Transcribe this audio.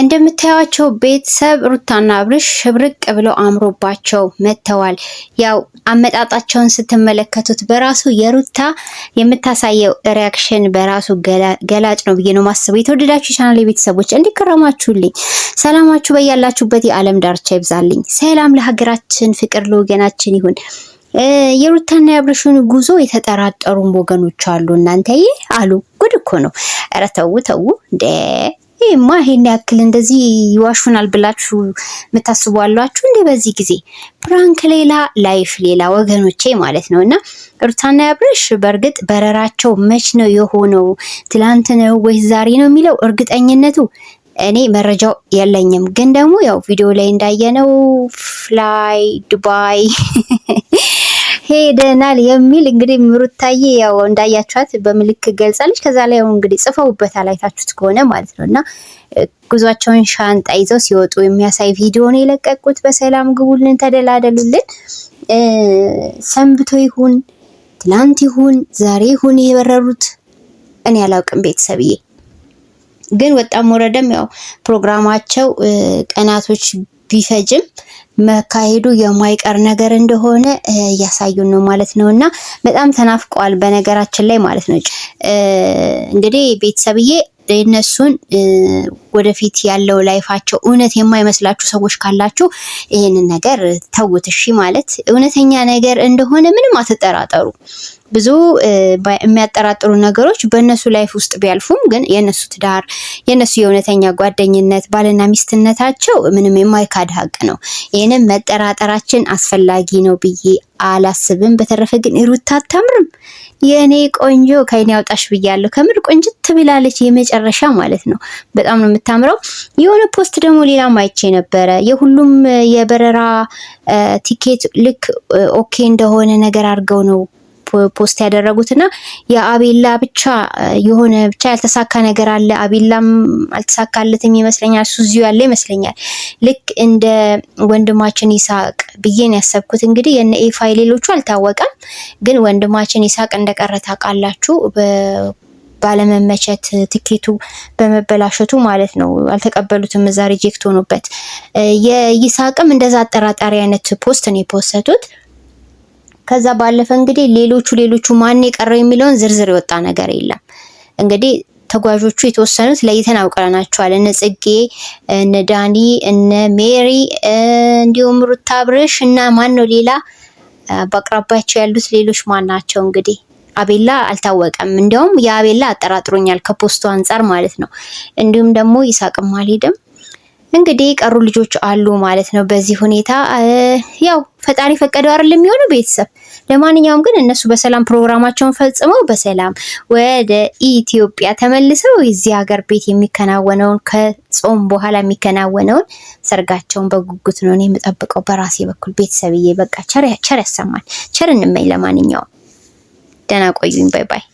እንደምታያቸው ቤተሰብ ሩታና አብርሽ ሽብርቅ ብለው አምሮባቸው መጥተዋል። ያው አመጣጣቸውን ስትመለከቱት በራሱ የሩታ የምታሳየው ሪያክሽን በራሱ ገላጭ ነው ብዬ ነው ማስበው። የተወደዳችሁ ቻናል ቤተሰቦች እንዲከረማችሁልኝ ሰላማችሁ በያላችሁበት የዓለም ዳርቻ ይብዛልኝ። ሰላም ለሀገራችን፣ ፍቅር ለወገናችን ይሁን። የሩታና የአብርሽን ጉዞ የተጠራጠሩም ወገኖች አሉ። እናንተዬ አሉ ጉድ እኮ ነው። ኧረ ተው ተው እንደ ይሄማ ይሄን ያክል እንደዚህ ይዋሹናል ብላችሁ የምታስቡ አሏችሁ እንዴ? በዚህ ጊዜ ፕራንክ ሌላ ላይፍ ሌላ ወገኖቼ ማለት ነው። እና ሩታና አብርሽ በእርግጥ በረራቸው መች ነው የሆነው? ትላንት ነው ወይስ ዛሬ ነው የሚለው እርግጠኝነቱ እኔ መረጃው የለኝም። ግን ደግሞ ያው ቪዲዮ ላይ እንዳየነው ፍላይ ዱባይ ሄደናል የሚል እንግዲህ ምሩታዬ ያው እንዳያችኋት በምልክ ገልጻለች። ከዛ ላይ እንግዲህ ጽፈውበታል አይታችሁት ከሆነ ማለት ነው እና ጉዟቸውን ሻንጣ ይዘው ሲወጡ የሚያሳይ ቪዲዮ ነው የለቀቁት። በሰላም ግቡልን፣ ተደላደሉልን። ሰንብቶ ይሁን ትላንት ይሁን ዛሬ ይሁን የበረሩት እኔ አላውቅም ቤተሰብዬ ግን ወጣም ወረደም ያው ፕሮግራማቸው ቀናቶች ቢፈጅም መካሄዱ የማይቀር ነገር እንደሆነ እያሳዩን ነው ማለት ነው። እና በጣም ተናፍቀዋል በነገራችን ላይ ማለት ነው። እንግዲህ ቤተሰብዬ የእነሱን ወደፊት ያለው ላይፋቸው እውነት የማይመስላችሁ ሰዎች ካላችሁ ይህንን ነገር ተውት እሺ። ማለት እውነተኛ ነገር እንደሆነ ምንም አትጠራጠሩ። ብዙ የሚያጠራጥሩ ነገሮች በእነሱ ላይፍ ውስጥ ቢያልፉም ግን የእነሱ ትዳር የእነሱ የእውነተኛ ጓደኝነት ባልና ሚስትነታቸው ምንም የማይካድ ሀቅ ነው። ይህንም መጠራጠራችን አስፈላጊ ነው ብዬ አላስብም። በተረፈ ግን ሩታ አታምርም የእኔ ቆንጆ ከይኔ ያውጣሽ ብያለሁ። ከምር ቆንጅት ትብላለች፣ የመጨረሻ ማለት ነው። በጣም ነው የምታምረው። የሆነ ፖስት ደግሞ ሌላ ማይቼ ነበረ የሁሉም የበረራ ቲኬት ልክ ኦኬ እንደሆነ ነገር አድርገው ነው ፖስት ያደረጉት እና የአቤላ ብቻ የሆነ ብቻ ያልተሳካ ነገር አለ። አቤላም አልተሳካለትም ይመስለኛል። እሱ እዚሁ ያለ ይመስለኛል። ልክ እንደ ወንድማችን ይስሐቅ ብዬን ያሰብኩት እንግዲህ የነ ኤፋይ ሌሎቹ አልታወቀም፣ ግን ወንድማችን ይስሐቅ እንደቀረ ታውቃላችሁ። ባለመመቸት ትኬቱ በመበላሸቱ ማለት ነው። አልተቀበሉትም፣ እዛ ሪጀክት ሆኖበት። የይስሐቅም እንደዛ አጠራጣሪ አይነት ፖስት ነው የፖሰቱት። ከዛ ባለፈ እንግዲህ ሌሎቹ ሌሎቹ ማን የቀረው የሚለውን ዝርዝር የወጣ ነገር የለም። እንግዲህ ተጓዦቹ የተወሰኑት ለይተን አውቀረናቸዋል። እነ ጽጌ፣ እነ ዳኒ፣ እነ ሜሪ እንዲሁም ሩታ ብርሽ እና ማን ነው ሌላ በአቅራቢያቸው ያሉት ሌሎች ማን ናቸው? እንግዲህ አቤላ አልታወቀም። እንዲያውም የአቤላ አጠራጥሮኛል ከፖስቱ አንጻር ማለት ነው። እንዲሁም ደግሞ ይሳቅም አልሄድም እንግዲህ ቀሩ ልጆች አሉ ማለት ነው። በዚህ ሁኔታ ያው ፈጣሪ ፈቀደው አይደል የሚሆኑ ቤተሰብ። ለማንኛውም ግን እነሱ በሰላም ፕሮግራማቸውን ፈጽመው በሰላም ወደ ኢትዮጵያ ተመልሰው የዚህ ሀገር ቤት የሚከናወነውን ከጾም በኋላ የሚከናወነውን ሰርጋቸውን በጉጉት ነው የምጠብቀው በራሴ በኩል ቤተሰብዬ። በቃ ቸር ያሰማል፣ ቸር እንመኝ። ለማንኛውም ደህና ቆዩኝ። ባይ ባይ።